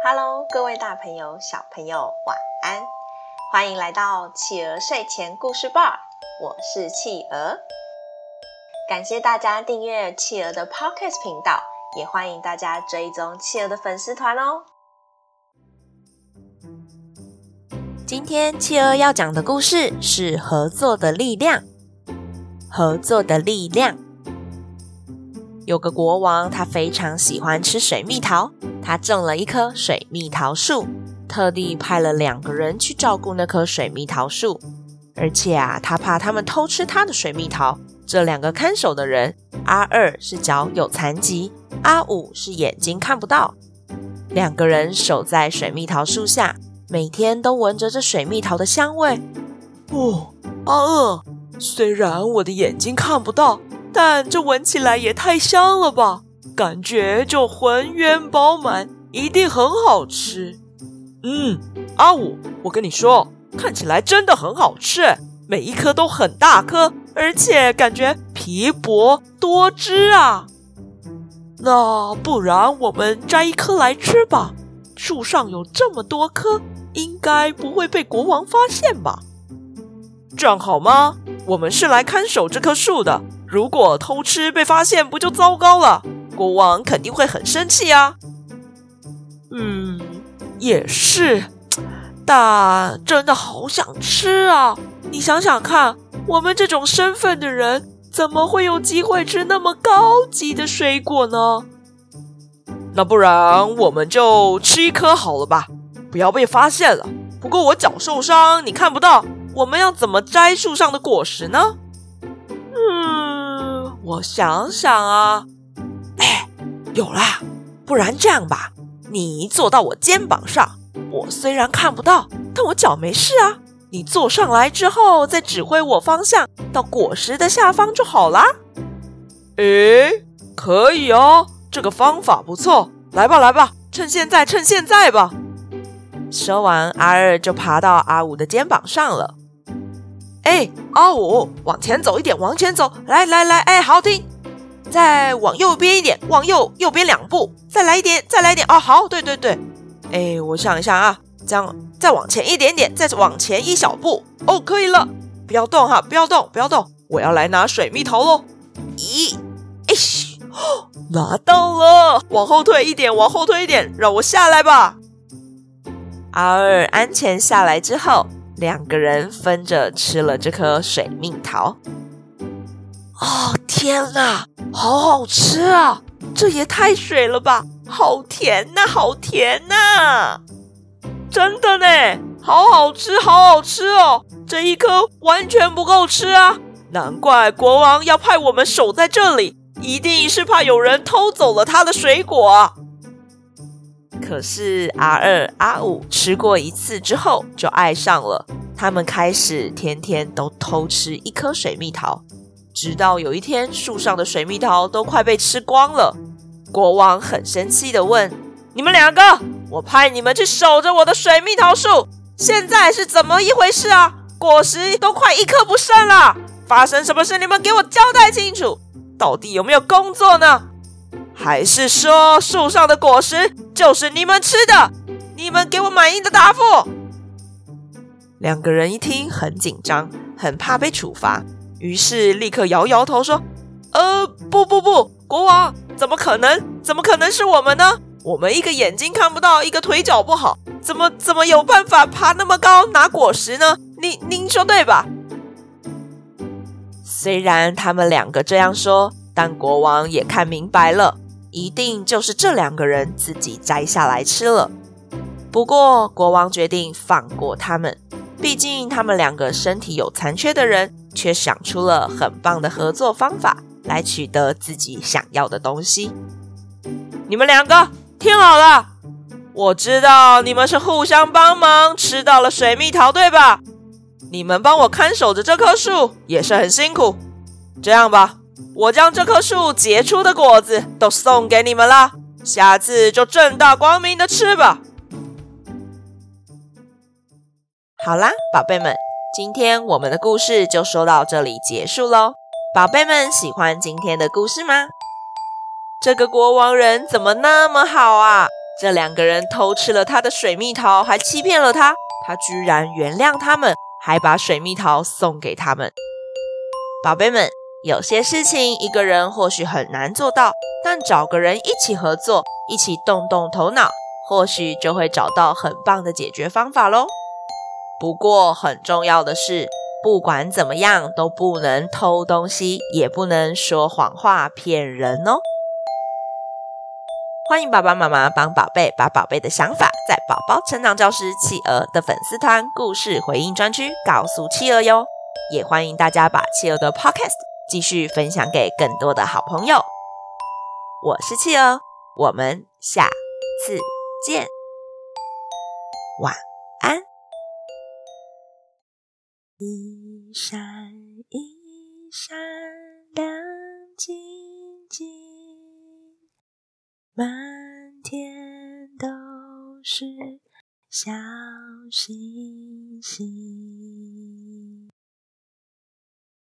Hello，各位大朋友、小朋友，晚安！歡迎來到企鵝睡前故事吧，我是企鵝。感謝大家訂閱企鵝的 Podcast 頻道，也歡迎大家追蹤企鵝的粉絲團哦。今天企鵝要講的故事是合作的力量。合作的力量，有個國王，他非常喜歡吃水蜜桃。他種了一棵水蜜桃樹，特地派了兩個人去照顧那棵水蜜桃樹，而且啊，他怕他們偷吃他的水蜜桃。這兩個看守的人，阿二是腳有殘疾，阿五是眼睛看不到。兩個人守在水蜜桃樹下，每天都聞着這水蜜桃的香味。哦，阿二，雖然我的眼睛看不到，但這聞起來也太香了吧。感覺就渾圓飽滿，一定很好吃。嗯，阿五，我跟你說，看起來真的很好吃，每一顆都很大顆，而且感覺皮薄多汁啊。那不然我們摘一顆來吃吧？樹上有這麼多顆，應該不會被國王發現吧？這樣好嗎？我們是來看守這棵樹的，如果偷吃被發現，不就糟糕了？國王肯定會很生氣呀、啊。嗯，也是，但真的好想吃啊！你想想看，我們這種身份的人，怎麼會有機會吃那麼高級的水果呢？那不然我們就吃一顆好了吧，不要被發現了。不過我腳受傷，你看不到，我們要怎麼摘樹上的果實呢？嗯，我想想啊。有啦，不然這樣吧，你坐到我肩膀上，我雖然看不到，但我腳沒事啊。你坐上來之後，再指揮我方向，到果實的下方就好啦。哎，可以哦，這個方法不錯。來吧，來吧，趁現在，趁現在吧。說完，阿二就爬到阿五的肩膀上了。哎，阿五，往前走一點，往前走，來來來，哎，好停。再往右邊一點，往右右邊兩步，再來一點，再來一點哦、啊，好，對對對，哎，我想一下啊，這樣再往前一點點，再往前一小步，哦，可以了，不要動哈、啊，不要動，不要動，我要來拿水蜜桃嘍，咦，哎、欸、噓、哦，拿到了，往後退一點，往後退一點，讓我下來吧。阿爾安全下來之後，兩個人分着吃了這顆水蜜桃，啊、哦。天哪，好好吃啊！這也太水了吧！好甜吶，好甜吶！真的呢，好好吃，好好吃哦！這一顆完全不夠吃啊！難怪國王要派我們守在這裡，一定是怕有人偷走了他的水果。可是阿二、阿五吃過一次之後就愛上了，他們開始天天都偷吃一顆水蜜桃。直到有一天，樹上的水蜜桃都快被吃光了。國王很生氣地問：“你們兩個，我派你們去守着我的水蜜桃樹，現在是怎麼一回事啊？果實都快一顆不剩了，發生什麼事？你們給我交代清楚，到底有沒有工作呢？還是說樹上的果實就是你們吃的？你們給我滿意的答覆。”兩個人一聽很緊張，很怕被處罰。於是立刻搖搖頭說：“呃，不不不，國王，怎麼可能？怎麼可能是我們呢？我們一個眼睛看不到，一個腿腳不好，怎麼怎麼有辦法爬那麼高拿果實呢？您您說對吧？”雖然他們兩個這樣說，但國王也看明白了，一定就是這兩個人自己摘下來吃了。不過，國王決定放過他們，畢竟他們兩個身體有殘缺的人。卻想出了很棒的合作方法來取得自己想要的東西。你們兩個聽好了，我知道你們是互相幫忙吃到了水蜜桃，對吧？你們幫我看守着這棵樹也是很辛苦。這樣吧，我將這棵樹結出的果子都送給你們了，下次就正大光明地吃吧。好啦，寶貝們。今天我們的故事就說到這裡結束嘍，寶貝們喜歡今天的故事嗎？這個國王人怎麼那麼好啊？這兩個人偷吃了他的水蜜桃，還欺騙了他，他居然原諒他們，還把水蜜桃送給他們。寶貝們，有些事情一個人或許很難做到，但找個人一起合作，一起動動頭腦，或許就會找到很棒的解決方法嘍。不過，很重要的是，不管怎麼樣都不能偷東西，也不能說謊話騙人哦。歡迎爸爸媽媽幫寶貝把寶貝的想法，在寶寶成長教室企鵝的粉絲團故事回應專區告訴企鵝喲。也歡迎大家把企鵝的 Podcast 繼續分享給更多的好朋友。我是企鵝，我們下次見，晚。一閃一閃亮晶晶，滿天都是小星星。